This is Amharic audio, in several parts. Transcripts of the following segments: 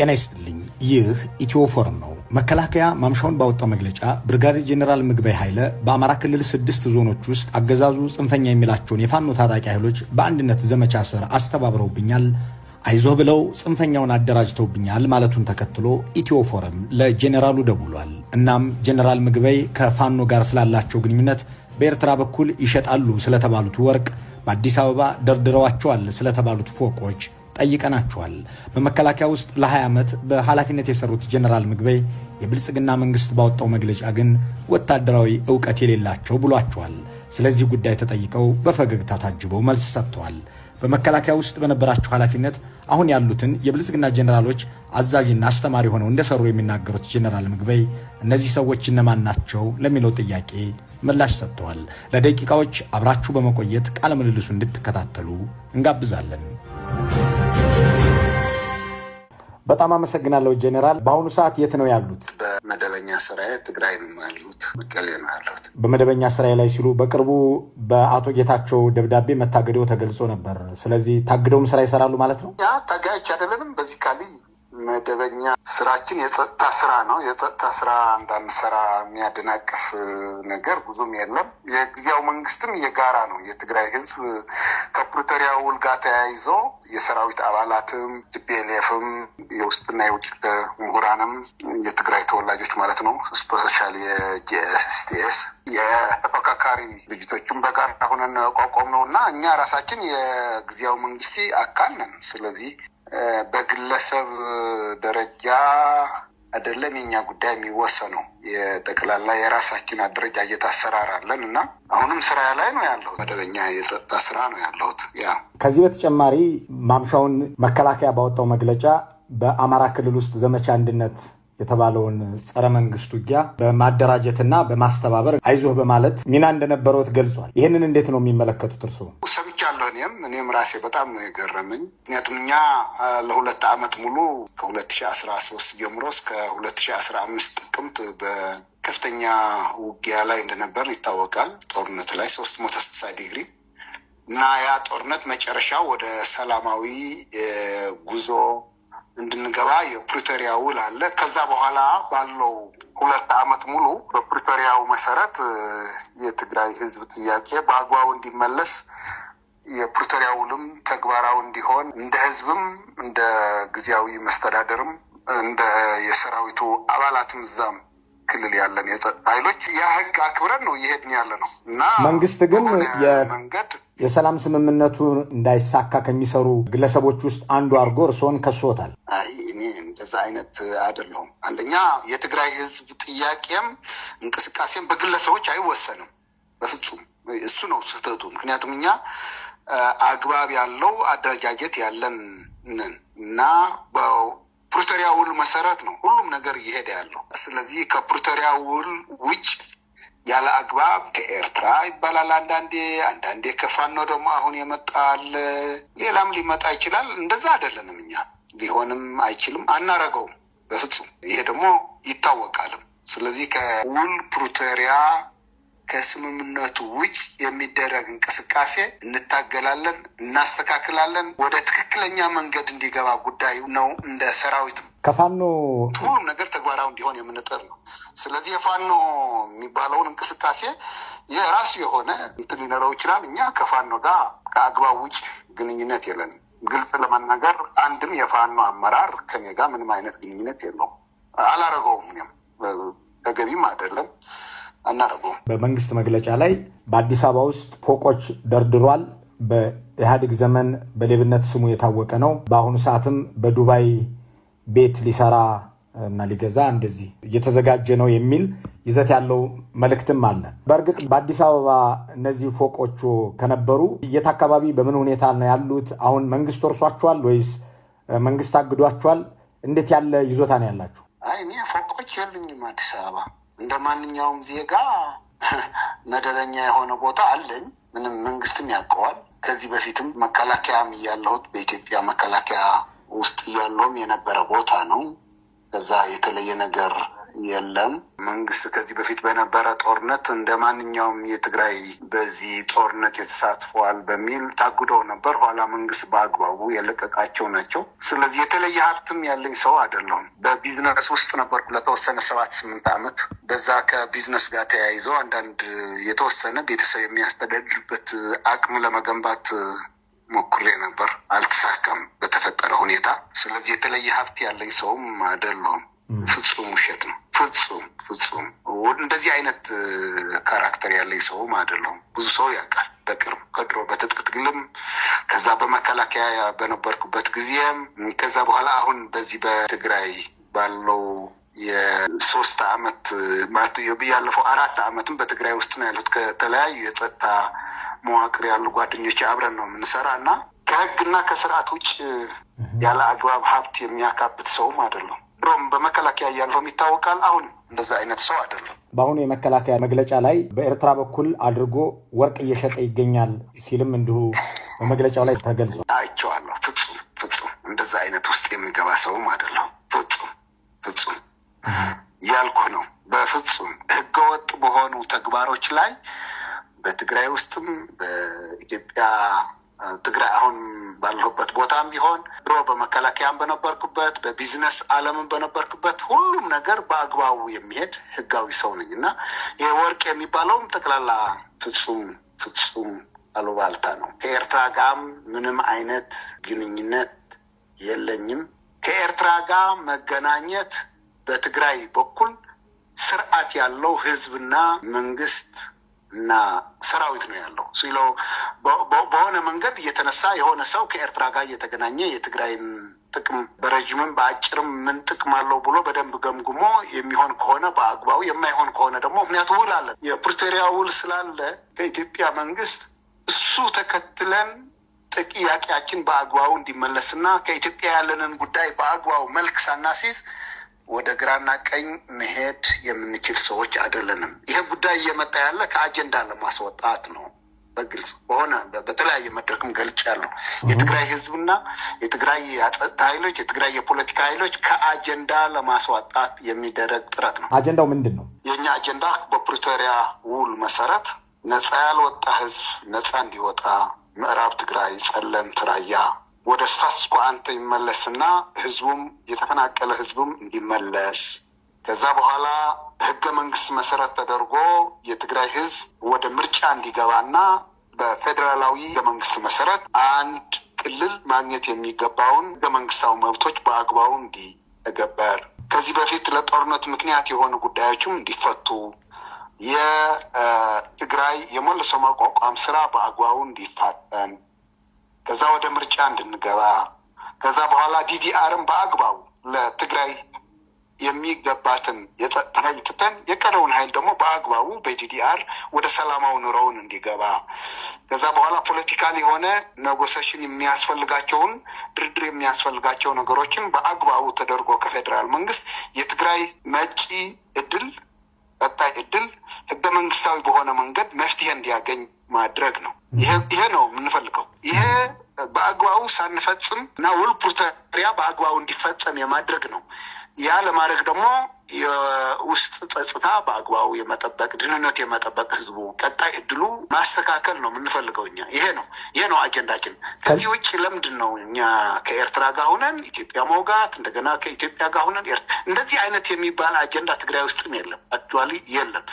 ጤና ይስጥልኝ። ይህ ኢትዮ ፎረም ነው። መከላከያ ማምሻውን ባወጣው መግለጫ ብርጋዴር ጄኔራል ምግበይ ኃይለ በአማራ ክልል ስድስት ዞኖች ውስጥ አገዛዙ ጽንፈኛ የሚላቸውን የፋኖ ታጣቂ ኃይሎች በአንድነት ዘመቻ ስር አስተባብረውብኛል፣ አይዞህ ብለው ጽንፈኛውን አደራጅተውብኛል ማለቱን ተከትሎ ኢትዮ ፎረም ለጄኔራሉ ደውሏል። እናም ጄኔራል ምግበይ ከፋኖ ጋር ስላላቸው ግንኙነት በኤርትራ በኩል ይሸጣሉ ስለተባሉት ወርቅ በአዲስ አበባ ደርድረዋቸዋል ስለተባሉት ፎቆች ጠይቀናቸዋል። በመከላከያ ውስጥ ለ20 ዓመት በኃላፊነት የሰሩት ጀነራል ምግቤ የብልጽግና መንግስት ባወጣው መግለጫ ግን ወታደራዊ እውቀት የሌላቸው ብሏቸዋል። ስለዚህ ጉዳይ ተጠይቀው በፈገግታ ታጅበው መልስ ሰጥተዋል። በመከላከያ ውስጥ በነበራቸው ኃላፊነት አሁን ያሉትን የብልጽግና ጀኔራሎች አዛዥና አስተማሪ ሆነው እንደሰሩ የሚናገሩት ጀኔራል ምግቤ እነዚህ ሰዎች እነማን ናቸው ለሚለው ጥያቄ ምላሽ ሰጥተዋል። ለደቂቃዎች አብራችሁ በመቆየት ቃለ ምልልሱ እንድትከታተሉ እንጋብዛለን። በጣም አመሰግናለሁ ጄኔራል። በአሁኑ ሰዓት የት ነው ያሉት? በመደበኛ ስራዬ ትግራይ ነው ያሉት፣ መቀሌ ነው ያሉት በመደበኛ ስራዬ ላይ ሲሉ። በቅርቡ በአቶ ጌታቸው ደብዳቤ መታገደው ተገልጾ ነበር። ስለዚህ ታግደውም ስራ ይሰራሉ ማለት ነው? ያ አይደለንም። በዚህ ካልይ መደበኛ ስራችን የጸጥታ ስራ ነው። የጸጥታ ስራ አንዳንድ ስራ የሚያደናቅፍ ነገር ብዙም የለም። የጊዜያዊ መንግስትም የጋራ ነው። የትግራይ ህዝብ ከፕሪቶሪያ ውል ጋር ተያይዞ የሰራዊት አባላትም ቲፒኤልኤፍም፣ የውስጥና የውጭ ምሁራንም የትግራይ ተወላጆች ማለት ነው ስፔሻል የጂኤስቲኤስ የተፎካካሪ ድርጅቶችም በጋራ ሁነን ቋቋም ነው እና እኛ ራሳችን የጊዜያዊ መንግስት አካል ነን። ስለዚህ በግለሰብ ደረጃ አይደለም የኛ ጉዳይ የሚወሰነው። የጠቅላላ የራሳችን አደረጃጀት አሰራር አለን እና አሁንም ስራ ላይ ነው ያለሁት። መደበኛ የጸጥታ ስራ ነው ያለሁት። ያ ከዚህ በተጨማሪ ማምሻውን መከላከያ ባወጣው መግለጫ በአማራ ክልል ውስጥ ዘመቻ አንድነት የተባለውን ጸረ መንግስት ውጊያ በማደራጀትና በማስተባበር አይዞህ በማለት ሚና እንደነበረውት ገልጿል። ይህንን እንዴት ነው የሚመለከቱት እርስዎ? ሰምቻለሁ። እኔም እኔም ራሴ በጣም ነው የገረመኝ። ምክንያቱም እኛ ለሁለት ዓመት ሙሉ ከ2013 ጀምሮ እስከ 2015 ጥቅምት በከፍተኛ ውጊያ ላይ እንደነበር ይታወቃል። ጦርነት ላይ 360 ዲግሪ እና ያ ጦርነት መጨረሻ ወደ ሰላማዊ ጉዞ እንድንገባ የፕሪቶሪያ ውል አለ። ከዛ በኋላ ባለው ሁለት ዓመት ሙሉ በፕሪቶሪያው መሰረት የትግራይ ሕዝብ ጥያቄ በአግባቡ እንዲመለስ የፕሪቶሪያ ውልም ተግባራዊ እንዲሆን እንደ ሕዝብም እንደ ጊዜያዊ መስተዳደርም እንደ የሰራዊቱ አባላትም እዛም ክልል ያለን ኃይሎች ያ ህግ አክብረን ነው እየሄድን ያለ ነው እና መንግስት ግን መንገድ የሰላም ስምምነቱ እንዳይሳካ ከሚሰሩ ግለሰቦች ውስጥ አንዱ አድርጎ እርስዎን ከሶታል። እኔ እንደዛ አይነት አይደለሁም። አንደኛ የትግራይ ህዝብ ጥያቄም እንቅስቃሴም በግለሰቦች አይወሰንም በፍጹም። እሱ ነው ስህተቱ። ምክንያቱም እኛ አግባብ ያለው አደረጃጀት ያለን ነን እና ፕሪቶሪያ ውል መሰረት ነው ሁሉም ነገር እየሄደ ያለው። ስለዚህ ከፕሪቶሪያ ውል ውጭ ያለ አግባብ ከኤርትራ ይባላል አንዳንዴ፣ አንዳንዴ ከፋኖ ደግሞ አሁን የመጣል ሌላም ሊመጣ ይችላል። እንደዛ አይደለንም እኛ ሊሆንም አይችልም፣ አናረገውም በፍጹም። ይሄ ደግሞ ይታወቃልም። ስለዚህ ከውል ፕሪቶሪያ ከስምምነቱ ውጭ የሚደረግ እንቅስቃሴ እንታገላለን፣ እናስተካክላለን። ወደ ትክክለኛ መንገድ እንዲገባ ጉዳዩ ነው። እንደ ሰራዊት ከፋኖ ሁሉም ነገር ተግባራዊ እንዲሆን የምንጥር ነው። ስለዚህ የፋኖ የሚባለውን እንቅስቃሴ የራሱ የሆነ እንትን ሊኖረው ይችላል። እኛ ከፋኖ ጋር ከአግባብ ውጭ ግንኙነት የለንም። ግልጽ ለመናገር አንድም የፋኖ አመራር ከኔ ጋር ምንም አይነት ግንኙነት የለውም። አላረገውም። እኔም ተገቢም አይደለም። አናደርገውም። በመንግስት መግለጫ ላይ በአዲስ አበባ ውስጥ ፎቆች ደርድሯል በኢህአዴግ ዘመን በሌብነት ስሙ የታወቀ ነው። በአሁኑ ሰዓትም በዱባይ ቤት ሊሰራ እና ሊገዛ እንደዚህ እየተዘጋጀ ነው የሚል ይዘት ያለው መልእክትም አለ። በእርግጥ በአዲስ አበባ እነዚህ ፎቆቹ ከነበሩ የት አካባቢ በምን ሁኔታ ነው ያሉት? አሁን መንግስት ወርሷቸዋል ወይስ መንግስት አግዷቸዋል? እንዴት ያለ ይዞታ ነው ያላችሁ? አይ እኔ ፎቆች የሉኝም አዲስ አበባ እንደ ማንኛውም ዜጋ መደበኛ የሆነ ቦታ አለኝ። ምንም መንግስትም ያውቀዋል። ከዚህ በፊትም መከላከያም እያለሁት በኢትዮጵያ መከላከያ ውስጥ እያለሁም የነበረ ቦታ ነው። ከዛ የተለየ ነገር የለም። መንግስት ከዚህ በፊት በነበረ ጦርነት እንደ ማንኛውም የትግራይ በዚህ ጦርነት የተሳትፈዋል በሚል ታጉደው ነበር። ኋላ መንግስት በአግባቡ የለቀቃቸው ናቸው። ስለዚህ የተለየ ሀብትም ያለኝ ሰው አይደለሁም። በቢዝነስ ውስጥ ነበርኩ ለተወሰነ ሰባት ስምንት ዓመት። በዛ ከቢዝነስ ጋር ተያይዞ አንዳንድ የተወሰነ ቤተሰብ የሚያስተዳድርበት አቅም ለመገንባት ሞክሬ ነበር። አልተሳካም በተፈጠረ ሁኔታ። ስለዚህ የተለየ ሀብት ያለኝ ሰውም አይደለሁም። ፍጹም ውሸት ነው። ፍጹም ፍጹም እንደዚህ አይነት ካራክተር ያለኝ ሰውም አይደለሁም። ብዙ ሰው ያውቃል በቅርብ ከድሮ በትጥቅ ትግልም ከዛ በመከላከያ በነበርኩበት ጊዜም ከዛ በኋላ አሁን በዚህ በትግራይ ባለው የሶስት አመት ማለት ብያለፈው አራት አመትም በትግራይ ውስጥ ነው ያሉት ከተለያዩ የጸጥታ መዋቅር ያሉ ጓደኞች አብረን ነው የምንሰራ እና ከህግና ከስርዓት ውጭ ያለ አግባብ ሀብት የሚያካብት ሰውም አይደለም። ድሮም በመከላከያ እያለሁም ይታወቃል። አሁን እንደዛ አይነት ሰው አይደለም። በአሁኑ የመከላከያ መግለጫ ላይ በኤርትራ በኩል አድርጎ ወርቅ እየሸጠ ይገኛል ሲልም እንዲሁ በመግለጫው ላይ ተገልጿል። አይቼዋለሁ። ፍጹም ፍጹም እንደዛ አይነት ውስጥ የሚገባ ሰውም አይደለም። ፍጹም ፍጹም ያልኩ ነው። በፍጹም ህገወጥ በሆኑ ተግባሮች ላይ በትግራይ ውስጥም በኢትዮጵያ ትግራይ አሁን ባለሁበት ቦታም ቢሆን ድሮ በመከላከያም በነበርኩበት በቢዝነስ አለምን በነበርኩበት ሁሉም ነገር በአግባቡ የሚሄድ ህጋዊ ሰው ነኝ እና ይህ ወርቅ የሚባለውም ጠቅላላ ፍጹም ፍጹም አሉባልታ ነው። ከኤርትራ ጋም ምንም አይነት ግንኙነት የለኝም። ከኤርትራ ጋር መገናኘት በትግራይ በኩል ስርዓት ያለው ህዝብና መንግስት እና ሰራዊት ነው ያለው ሲለው በሆነ መንገድ እየተነሳ የሆነ ሰው ከኤርትራ ጋር እየተገናኘ የትግራይን ጥቅም በረዥምም በአጭርም ምን ጥቅም አለው ብሎ በደንብ ገምግሞ የሚሆን ከሆነ በአግባቡ የማይሆን ከሆነ ደግሞ ምክንያቱ ውል አለ። የፕሪቶሪያ ውል ስላለ ከኢትዮጵያ መንግስት እሱ ተከትለን ጥያቄያችን በአግባቡ እንዲመለስና ከኢትዮጵያ ያለንን ጉዳይ በአግባቡ መልክ ሳናሲዝ ወደ ግራና ቀኝ መሄድ የምንችል ሰዎች አይደለንም። ይሄ ጉዳይ እየመጣ ያለ ከአጀንዳ ለማስወጣት ነው። በግልጽ በሆነ በተለያየ መድረክም ገልጫለሁ። የትግራይ ህዝብና የትግራይ የጸጥታ ኃይሎች የትግራይ የፖለቲካ ኃይሎች ከአጀንዳ ለማስወጣት የሚደረግ ጥረት ነው። አጀንዳው ምንድን ነው? የእኛ አጀንዳ በፕሪቶሪያ ውል መሰረት ነፃ ያልወጣ ህዝብ ነፃ እንዲወጣ ምዕራብ ትግራይ፣ ጸለምት፣ ራያ ወደ ስታትስ ኮ አንተ ይመለስና ህዝቡም የተፈናቀለ ህዝቡም እንዲመለስ ከዛ በኋላ ህገ መንግስት መሰረት ተደርጎ የትግራይ ህዝብ ወደ ምርጫ እንዲገባና በፌዴራላዊ ህገ መንግስት መሰረት አንድ ክልል ማግኘት የሚገባውን ህገ መንግስታዊ መብቶች በአግባቡ እንዲገበር ከዚህ በፊት ለጦርነት ምክንያት የሆኑ ጉዳዮችም እንዲፈቱ የትግራይ የመልሶ ማቋቋም ስራ በአግባቡ እንዲፋጠን ከዛ ወደ ምርጫ እንድንገባ ከዛ በኋላ ዲዲአርን በአግባቡ ለትግራይ የሚገባትን የጸጥታ ኃይል ትተን የቀረውን ኃይል ደግሞ በአግባቡ በዲዲአር ወደ ሰላማዊ ኑሮውን እንዲገባ ከዛ በኋላ ፖለቲካል የሆነ ኔጎሴሽን የሚያስፈልጋቸውን ድርድር የሚያስፈልጋቸው ነገሮችን በአግባቡ ተደርጎ ከፌዴራል መንግስት የትግራይ መጪ እድል ቀጣይ እድል ህገ መንግስታዊ በሆነ መንገድ መፍትሄ እንዲያገኝ ማድረግ ነው። ይሄ ነው የምንፈልገው። ይሄ በአግባቡ ሳንፈጽም እና ውል ፕሪቶሪያ በአግባቡ እንዲፈጸም የማድረግ ነው። ያ ለማድረግ ደግሞ የውስጥ ጸጥታ በአግባቡ የመጠበቅ ድህንነት የመጠበቅ ህዝቡ ቀጣይ እድሉ ማስተካከል ነው የምንፈልገው። እኛ ይሄ ነው ይሄ ነው አጀንዳችን። ከዚህ ውጭ ለምንድን ነው እኛ ከኤርትራ ጋር ሁነን ኢትዮጵያ መውጋት እንደገና ከኢትዮጵያ ጋር ሁነን እንደዚህ አይነት የሚባል አጀንዳ ትግራይ ውስጥም የለም፣ አክቹዋሊ የለም።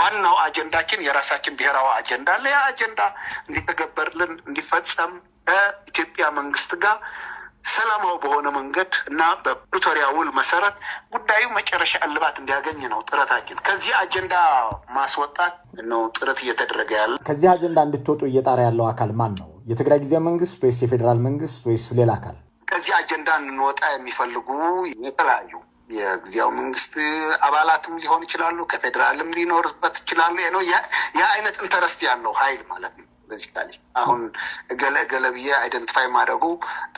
ዋናው አጀንዳችን የራሳችን ብሔራዊ አጀንዳ አለ። ያ አጀንዳ እንዲተገበርልን እንዲፈጸም ከኢትዮጵያ መንግስት ጋር ሰላማዊ በሆነ መንገድ እና በፕሪቶሪያ ውል መሰረት ጉዳዩ መጨረሻ እልባት እንዲያገኝ ነው ጥረታችን። ከዚህ አጀንዳ ማስወጣት ነው ጥረት እየተደረገ ያለ። ከዚህ አጀንዳ እንድትወጡ እየጣረ ያለው አካል ማን ነው? የትግራይ ጊዜ መንግስት ወይስ የፌዴራል መንግስት ወይስ ሌላ አካል? ከዚህ አጀንዳ እንወጣ የሚፈልጉ የተለያዩ የጊዜያዊ መንግስት አባላትም ሊሆን ይችላሉ፣ ከፌዴራልም ሊኖርበት ይችላሉ። ነው ያ አይነት ኢንተረስት ያለው ሀይል ማለት ነው። ቤዚካሊ አሁን ገለ ገለ ብዬ አይደንቲፋይ ማድረጉ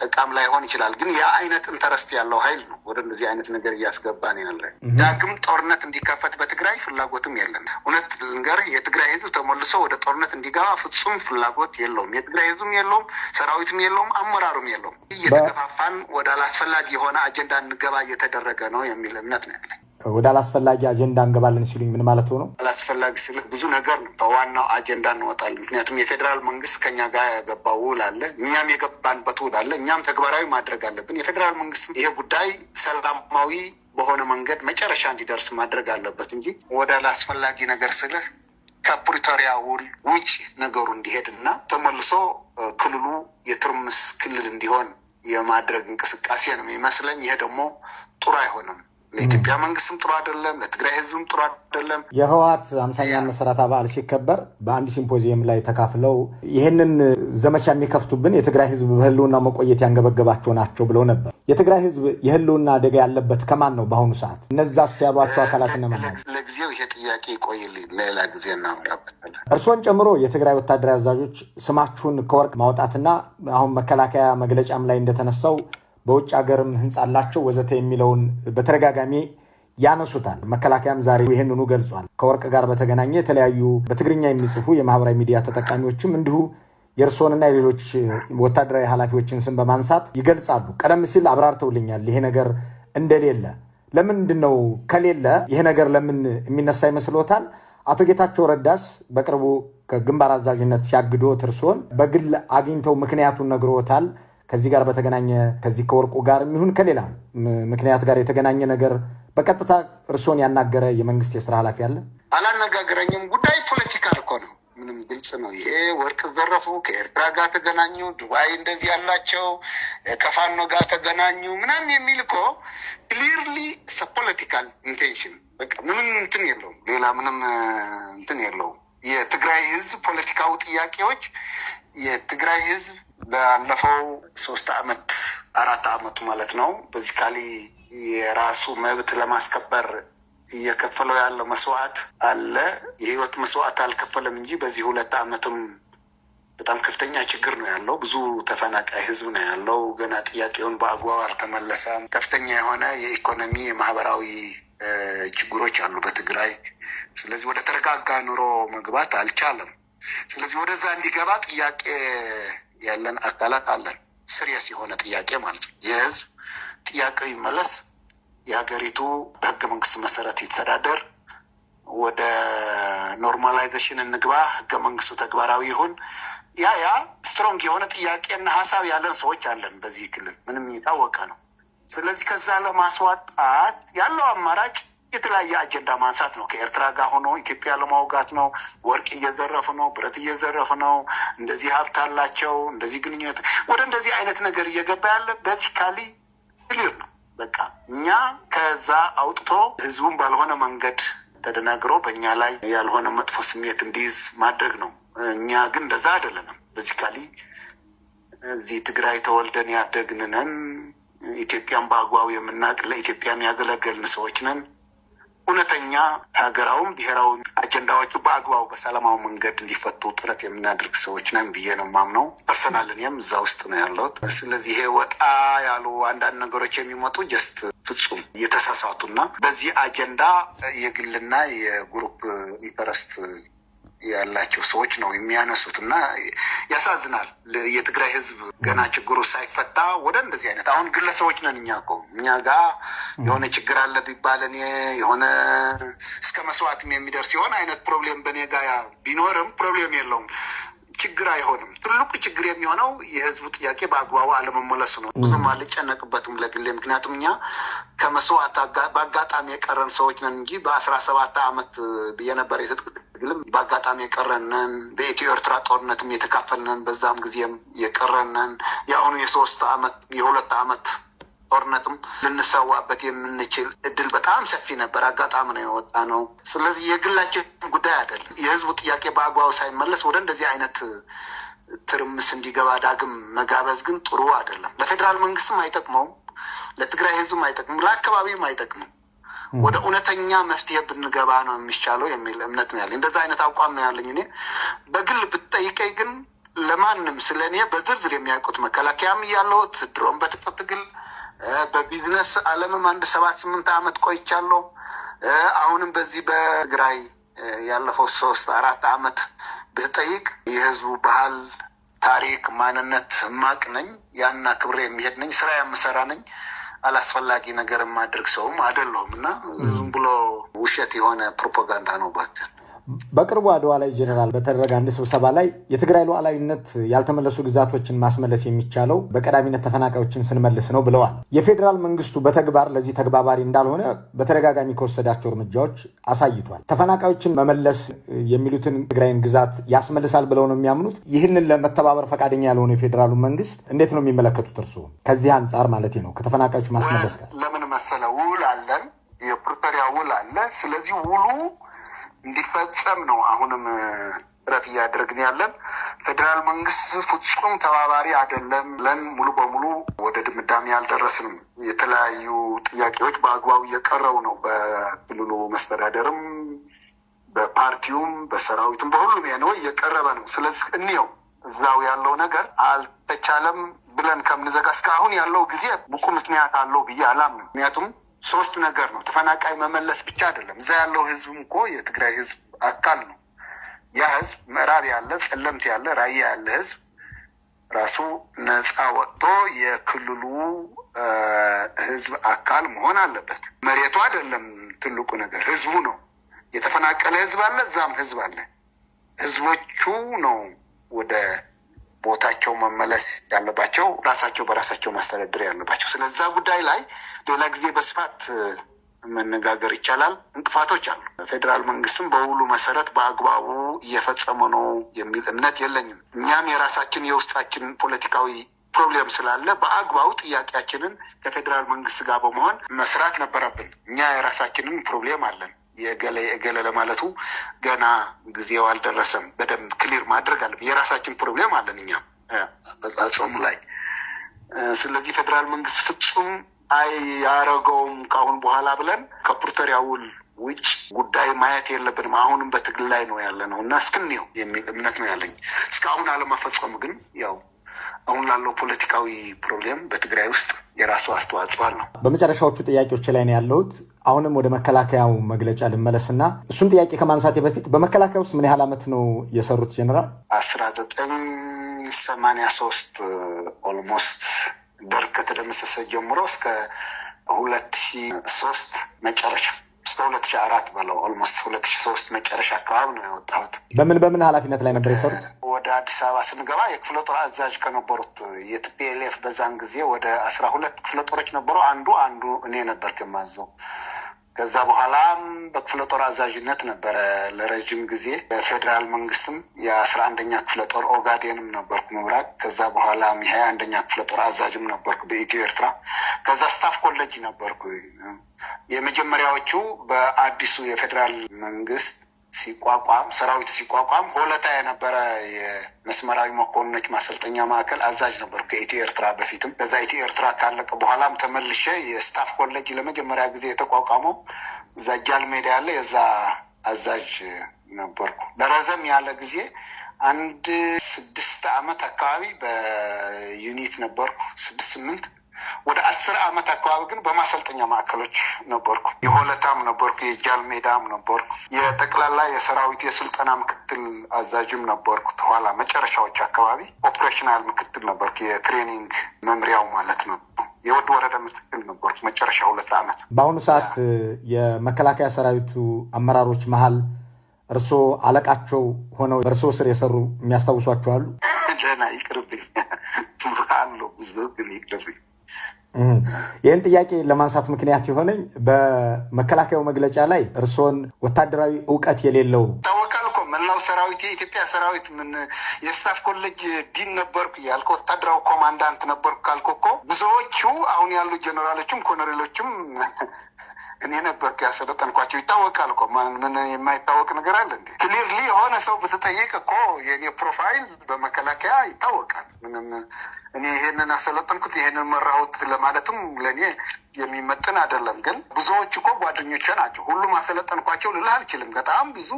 ጠቃም ላይሆን ይችላል፣ ግን ያ አይነት ኢንተረስት ያለው ሀይል ነው ወደ እንደዚህ አይነት ነገር እያስገባ ነው ያለ። ዳግም ጦርነት እንዲከፈት በትግራይ ፍላጎትም የለም። እውነት ልንገርህ፣ የትግራይ ህዝብ ተመልሶ ወደ ጦርነት እንዲገባ ፍጹም ፍላጎት የለውም። የትግራይ ህዝብም የለውም፣ ሰራዊትም የለውም፣ አመራሩም የለውም። እየተገፋፋን ወደ አላስፈላጊ የሆነ አጀንዳ እንገባ እየተደረገ ነው የሚል እምነት ነው ያለኝ። ወደ አላስፈላጊ አጀንዳ እንገባለን ሲሉኝ ምን ማለት ነው? አላስፈላጊ ስልህ ብዙ ነገር ነው። በዋናው አጀንዳ እንወጣለን። ምክንያቱም የፌዴራል መንግስት ከኛ ጋር ያገባው ውል አለ፣ እኛም የገባንበት ውል አለ። እኛም ተግባራዊ ማድረግ አለብን። የፌዴራል መንግስት ይሄ ጉዳይ ሰላማዊ በሆነ መንገድ መጨረሻ እንዲደርስ ማድረግ አለበት እንጂ ወደ አላስፈላጊ ነገር ስልህ ከፕሪቶሪያ ውል ውጭ ነገሩ እንዲሄድ እና ተመልሶ ክልሉ የትርምስ ክልል እንዲሆን የማድረግ እንቅስቃሴ ነው የሚመስለኝ። ይሄ ደግሞ ጥሩ አይሆንም። ለኢትዮጵያ መንግስትም ጥሩ አይደለም፣ ለትግራይ ህዝብም ጥሩ አይደለም። የህወሀት አምሳኛ መሰረታ በዓል ሲከበር በአንድ ሲምፖዚየም ላይ ተካፍለው ይህንን ዘመቻ የሚከፍቱብን የትግራይ ህዝብ በህልውና መቆየት ያንገበገባቸው ናቸው ብለው ነበር። የትግራይ ህዝብ የህልውና አደጋ ያለበት ከማን ነው? በአሁኑ ሰዓት እነዛ ያሏቸው አካላት እነማን ለጊዜው ይሄ ጥያቄ ይቆይልኝ፣ ጊዜ እናወራበታለን። እርስዎን ጨምሮ የትግራይ ወታደራዊ አዛዦች ስማችሁን ከወርቅ ማውጣትና አሁን መከላከያ መግለጫም ላይ እንደተነሳው በውጭ ሀገርም ህንፃ አላቸው ወዘተ የሚለውን በተደጋጋሚ ያነሱታል። መከላከያም ዛሬ ይህንኑ ገልጿል። ከወርቅ ጋር በተገናኘ የተለያዩ በትግርኛ የሚጽፉ የማህበራዊ ሚዲያ ተጠቃሚዎችም እንዲሁ የእርስዎንና የሌሎች ወታደራዊ ኃላፊዎችን ስም በማንሳት ይገልጻሉ። ቀደም ሲል አብራርተውልኛል ይሄ ነገር እንደሌለ። ለምንድን ነው ከሌለ ይሄ ነገር ለምን የሚነሳ ይመስሎታል? አቶ ጌታቸው ረዳስ በቅርቡ ከግንባር አዛዥነት ሲያግዶት እርስዎን በግል አግኝተው ምክንያቱን ነግሮታል። ከዚህ ጋር በተገናኘ ከዚህ ከወርቁ ጋር የሚሆን ከሌላ ምክንያት ጋር የተገናኘ ነገር በቀጥታ እርሶን ያናገረ የመንግስት የስራ ኃላፊ አለ? አላነጋገረኝም። ጉዳይ ፖለቲካል እኮ ነው። ምንም ግልጽ ነው። ይሄ ወርቅ ዘረፉ፣ ከኤርትራ ጋር ተገናኙ፣ ዱባይ እንደዚህ ያላቸው ከፋኖ ጋር ተገናኙ ምናምን የሚል እኮ ክሊርሊ ፖለቲካል ኢንቴንሽን በቃ ምንም እንትን የለውም። ሌላ ምንም እንትን የለውም። የትግራይ ህዝብ ፖለቲካዊ ጥያቄዎች የትግራይ ህዝብ ባለፈው ሶስት አመት አራት አመቱ ማለት ነው በዚካሊ የራሱ መብት ለማስከበር እየከፈለው ያለው መስዋዕት አለ። የህይወት መስዋዕት አልከፈለም እንጂ በዚህ ሁለት አመትም በጣም ከፍተኛ ችግር ነው ያለው። ብዙ ተፈናቃይ ህዝብ ነው ያለው። ገና ጥያቄውን በአግባብ አልተመለሰም። ከፍተኛ የሆነ የኢኮኖሚ የማህበራዊ ችግሮች አሉ በትግራይ። ስለዚህ ወደ ተረጋጋ ኑሮ መግባት አልቻለም። ስለዚህ ወደዛ እንዲገባ ጥያቄ ያለን አካላት አለን። ስሪየስ የሆነ ጥያቄ ማለት ነው። የህዝብ ጥያቄው ይመለስ፣ የሀገሪቱ በህገ መንግስት መሰረት ይተዳደር፣ ወደ ኖርማላይዜሽን እንግባ፣ ህገ መንግስቱ ተግባራዊ ይሁን። ያ ያ ስትሮንግ የሆነ ጥያቄና ሀሳብ ያለን ሰዎች አለን በዚህ ክልል ምንም የታወቀ ነው። ስለዚህ ከዛ ለማስዋጣት ያለው አማራጭ የተለያየ አጀንዳ ማንሳት ነው። ከኤርትራ ጋር ሆኖ ኢትዮጵያ ለማውጋት ነው። ወርቅ እየዘረፍ ነው፣ ብረት እየዘረፍ ነው፣ እንደዚህ ሀብት አላቸው፣ እንደዚህ ግንኙነት ወደ እንደዚህ አይነት ነገር እየገባ ያለ በቲካሊ ክሊር ነው። በቃ እኛ ከዛ አውጥቶ ህዝቡን ባልሆነ መንገድ ተደናግሮ በእኛ ላይ ያልሆነ መጥፎ ስሜት እንዲይዝ ማድረግ ነው። እኛ ግን እንደዛ አይደለንም። በዚካሊ እዚህ ትግራይ ተወልደን ያደግንነን ኢትዮጵያን በአግባቡ የምናውቅ ለኢትዮጵያ የሚያገለገልን ሰዎች ነን። እውነተኛ ሀገራዊም ብሔራዊ አጀንዳዎቹ በአግባቡ በሰላማዊ መንገድ እንዲፈቱ ጥረት የምናደርግ ሰዎች ነን ብዬ ነው የማምነው። ፐርሰናል እዛ ውስጥ ነው ያለሁት። ስለዚህ ይሄ ወጣ ያሉ አንዳንድ ነገሮች የሚመጡ ጀስት ፍጹም የተሳሳቱና በዚህ አጀንዳ የግልና የግሩፕ ኢንተረስት ያላቸው ሰዎች ነው የሚያነሱት እና ያሳዝናል። የትግራይ ህዝብ ገና ችግሩ ሳይፈታ ወደ እንደዚህ አይነት አሁን ግለሰቦች ነን እኛ እኮ እኛ ጋ የሆነ ችግር አለ ቢባል እኔ የሆነ እስከ መስዋዕትም የሚደርስ የሆነ አይነት ፕሮብሌም በኔ ጋ ቢኖርም ፕሮብሌም የለውም ችግር አይሆንም። ትልቁ ችግር የሚሆነው የህዝቡ ጥያቄ በአግባቡ አለመመለሱ ነው። ብዙም አልጨነቅበትም ለግሌ። ምክንያቱም እኛ ከመስዋዕት በአጋጣሚ የቀረን ሰዎች ነን እንጂ በአስራ ሰባት አመት የነበረ የትጥቅ ትግልም በአጋጣሚ የቀረንን በኢትዮ ኤርትራ ጦርነትም የተካፈልነን በዛም ጊዜም የቀረንን የአሁኑ የሶስት አመት የሁለት አመት ጦርነትም ልንሰዋበት የምንችል እድል በጣም ሰፊ ነበር። አጋጣሚ ነው የወጣ ነው። ስለዚህ የግላችን ጉዳይ አይደለም። የህዝቡ ጥያቄ በአግባቡ ሳይመለስ ወደ እንደዚህ አይነት ትርምስ እንዲገባ ዳግም መጋበዝ ግን ጥሩ አይደለም። ለፌዴራል መንግስትም አይጠቅመውም፣ ለትግራይ ህዝብም አይጠቅምም፣ ለአካባቢውም አይጠቅምም። ወደ እውነተኛ መፍትሄ ብንገባ ነው የሚሻለው የሚል እምነት ነው ያለኝ። እንደዛ አይነት አቋም ነው ያለኝ። እኔ በግል ብትጠይቀኝ ግን ለማንም ስለ እኔ በዝርዝር የሚያውቁት መከላከያም እያለሁት ድሮም በትጥቅ ትግል በቢዝነስ አለምም አንድ ሰባት ስምንት አመት ቆይቻለሁ። አሁንም በዚህ በትግራይ ያለፈው ሶስት አራት አመት ብትጠይቅ የህዝቡ ባህል፣ ታሪክ፣ ማንነት ማቅ ነኝ። ያና ክብሬ የሚሄድ ነኝ። ስራ የምሰራ ነኝ። አላስፈላጊ ነገር የማደርግ ሰውም አይደለሁም እና ዝም ብሎ ውሸት የሆነ ፕሮፓጋንዳ ነው ባክን። በቅርቡ አድዋ ላይ ጀኔራል በተደረገ አንድ ስብሰባ ላይ የትግራይ ሉዓላዊነት ያልተመለሱ ግዛቶችን ማስመለስ የሚቻለው በቀዳሚነት ተፈናቃዮችን ስንመልስ ነው ብለዋል። የፌዴራል መንግስቱ በተግባር ለዚህ ተግባባሪ እንዳልሆነ በተደጋጋሚ ከወሰዳቸው እርምጃዎች አሳይቷል። ተፈናቃዮችን መመለስ የሚሉትን ትግራይን ግዛት ያስመልሳል ብለው ነው የሚያምኑት። ይህንን ለመተባበር ፈቃደኛ ያልሆነ የፌዴራሉ መንግስት እንዴት ነው የሚመለከቱት? እርሱ ከዚህ አንጻር ማለት ነው ከተፈናቃዮች ማስመለስ ጋር ለምን መሰለ ውል አለን፣ የፕሪቶሪያ ውል አለ። ስለዚህ ውሉ እንዲፈጸም ነው አሁንም ጥረት እያደረግን ያለን። ፌዴራል መንግስት ፍጹም ተባባሪ አይደለም ለን ሙሉ በሙሉ ወደ ድምዳሜ አልደረስንም። የተለያዩ ጥያቄዎች በአግባቡ እየቀረቡ ነው። በክልሉ መስተዳደርም፣ በፓርቲውም፣ በሰራዊቱም በሁሉም ነው እየቀረበ ነው። ስለዚህ እኒየው እዛው ያለው ነገር አልተቻለም ብለን ከምንዘጋ እስካሁን ያለው ጊዜ ብቁ ምክንያት አለው ብዬ አላምንም። ምክንያቱም ሶስት ነገር ነው። ተፈናቃይ መመለስ ብቻ አይደለም። እዛ ያለው ህዝብም እኮ የትግራይ ህዝብ አካል ነው። ያ ህዝብ ምዕራብ ያለ ጸለምት ያለ ራያ ያለ ህዝብ ራሱ ነፃ ወጥቶ የክልሉ ህዝብ አካል መሆን አለበት። መሬቱ አይደለም ትልቁ ነገር፣ ህዝቡ ነው። የተፈናቀለ ህዝብ አለ፣ እዛም ህዝብ አለ። ህዝቦቹ ነው ወደ ቦታቸው መመለስ ያለባቸው ራሳቸው በራሳቸው ማስተዳደር ያለባቸው። ስለዛ ጉዳይ ላይ ሌላ ጊዜ በስፋት መነጋገር ይቻላል። እንቅፋቶች አሉ። ፌዴራል መንግስትም በውሉ መሰረት በአግባቡ እየፈጸመ ነው የሚል እምነት የለኝም። እኛም የራሳችን የውስጣችን ፖለቲካዊ ፕሮብሌም ስላለ በአግባቡ ጥያቄያችንን ከፌዴራል መንግስት ጋር በመሆን መስራት ነበረብን። እኛ የራሳችንን ፕሮብሌም አለን። የገለ የገለ ለማለቱ ገና ጊዜው አልደረሰም። በደንብ ክሊር ማድረግ አለ። የራሳችን ፕሮብሌም አለን እኛ አፈጻጸሙ ላይ። ስለዚህ ፌዴራል መንግስት ፍጹም አያረገውም ከአሁን በኋላ ብለን ከፕሪቶሪያ ውል ውጭ ጉዳይ ማየት የለብንም። አሁንም በትግል ላይ ነው ያለ ነው እና እስክንየው የሚል እምነት ነው ያለኝ። እስካሁን አለመፈጸሙ ግን ያው አሁን ላለው ፖለቲካዊ ፕሮብሌም በትግራይ ውስጥ የራሱ አስተዋጽኦ አለው። በመጨረሻዎቹ ጥያቄዎች ላይ ነው ያለሁት። አሁንም ወደ መከላከያው መግለጫ ልመለስና እሱም ጥያቄ ከማንሳቴ በፊት በመከላከያ ውስጥ ምን ያህል ዓመት ነው የሰሩት ጀኔራል? አስራ ዘጠኝ ሰማንያ ሶስት ኦልሞስት ደርግ ከተደመሰሰ ጀምሮ እስከ ሁለት ሺህ ሶስት መጨረሻ እስከ ሁለት ሺ አራት በለው ኦልሞስት ሁለት ሺ ሶስት መጨረሻ አካባቢ ነው የወጣሁት። በምን በምን ኃላፊነት ላይ ነበር የሰሩት? ወደ አዲስ አበባ ስንገባ የክፍለ ጦር አዛዥ ከነበሩት የቲፒኤልኤፍ በዛን ጊዜ ወደ አስራ ሁለት ክፍለ ጦሮች ነበሩ። አንዱ አንዱ እኔ ነበር ከማዘው ከዛ በኋላም በክፍለ ጦር አዛዥነት ነበረ ለረጅም ጊዜ። በፌዴራል መንግስትም የአስራ አንደኛ ክፍለ ጦር ኦጋዴንም ነበርኩ ምብራቅ። ከዛ በኋላም የሀያ አንደኛ ክፍለ ጦር አዛዥም ነበርኩ በኢትዮ ኤርትራ። ከዛ ስታፍ ኮሌጅ ነበርኩ የመጀመሪያዎቹ በአዲሱ የፌዴራል መንግስት ሲቋቋም ሰራዊት ሲቋቋም ሆለታ የነበረ የመስመራዊ መኮንኖች ማሰልጠኛ ማዕከል አዛዥ ነበር ከኢትዮ ኤርትራ በፊትም። ከዛ ኢትዮ ኤርትራ ካለቀ በኋላም ተመልሼ የስታፍ ኮሌጅ ለመጀመሪያ ጊዜ የተቋቋመው እዛ ጃል ሜዳ ያለ የዛ አዛዥ ነበርኩ ለረዘም ያለ ጊዜ አንድ ስድስት ዓመት አካባቢ በዩኒት ነበርኩ ስድስት ስምንት ወደ አስር ዓመት አካባቢ ግን በማሰልጠኛ ማዕከሎች ነበርኩ። የሆለታም ነበርኩ፣ የጃል ሜዳም ነበርኩ። የጠቅላላ የሰራዊት የስልጠና ምክትል አዛዥም ነበርኩ። ተኋላ መጨረሻዎች አካባቢ ኦፕሬሽናል ምክትል ነበርኩ፣ የትሬኒንግ መምሪያው ማለት ነው። የወድ ወረዳ ምክትል ነበርኩ መጨረሻ ሁለት ዓመት። በአሁኑ ሰዓት የመከላከያ ሰራዊቱ አመራሮች መሀል እርስዎ አለቃቸው ሆነው በእርስዎ ስር የሰሩ የሚያስታውሷቸው አሉ? ደህና ይቅርብኝ ብዙ ግን ይቅርብኝ ይህን ጥያቄ ለማንሳት ምክንያት የሆነኝ በመከላከያው መግለጫ ላይ እርስዎን ወታደራዊ እውቀት የሌለው ይታወቃል እኮ መላው ሰራዊት የኢትዮጵያ ሰራዊት ምን የስታፍ ኮሌጅ ዲን ነበርኩ እያልክ ወታደራዊ ኮማንዳንት ነበርኩ ካልኩ እኮ ብዙዎቹ አሁን ያሉ ጀኔራሎችም ኮሎኔሎችም እኔ ነበር ያሰለጠንኳቸው። ይታወቃል እኮ ምን የማይታወቅ ነገር አለ እንዴ? ክሊርሊ የሆነ ሰው ብትጠይቅ እኮ የእኔ ፕሮፋይል በመከላከያ ይታወቃል። ምንም እኔ ይሄንን አሰለጠንኩት ይሄንን መራሁት ለማለትም ለእኔ የሚመጥን አይደለም። ግን ብዙዎች እኮ ጓደኞቼ ናቸው። ሁሉም አሰለጠንኳቸው ልልህ አልችልም። በጣም ብዙ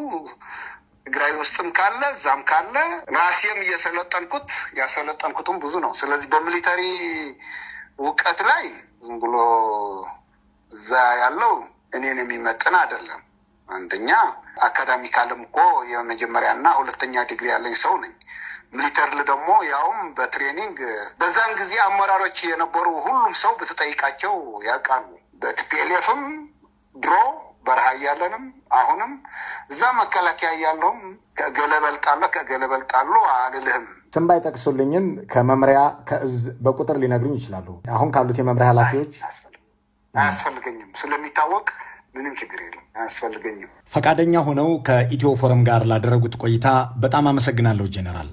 ትግራይ ውስጥም ካለ እዛም ካለ ራሴም እየሰለጠንኩት ያሰለጠንኩትም ብዙ ነው። ስለዚህ በሚሊተሪ እውቀት ላይ ዝም ብሎ እዛ ያለው እኔን የሚመጥን አይደለም። አንደኛ አካዳሚካልም እኮ የመጀመሪያና ሁለተኛ ዲግሪ ያለኝ ሰው ነኝ። ሚሊተርል ደግሞ ያውም በትሬኒንግ በዛን ጊዜ አመራሮች የነበሩ ሁሉም ሰው ብትጠይቃቸው ያውቃሉ። በቲፒኤልኤፍም ድሮ በረሃ እያለንም አሁንም እዛ መከላከያ እያለሁም ከገለበልጣለሁ ከገለበልጣሉ አልልህም። ስም ባይጠቅሱልኝም ከመምሪያ ከእዝ በቁጥር ሊነግሩኝ ይችላሉ። አሁን ካሉት የመምሪያ ኃላፊዎች አያስፈልገኝም ስለሚታወቅ ምንም ችግር የለም፣ አያስፈልገኝም። ፈቃደኛ ሆነው ከኢትዮ ፎረም ጋር ላደረጉት ቆይታ በጣም አመሰግናለሁ ጄኔራል።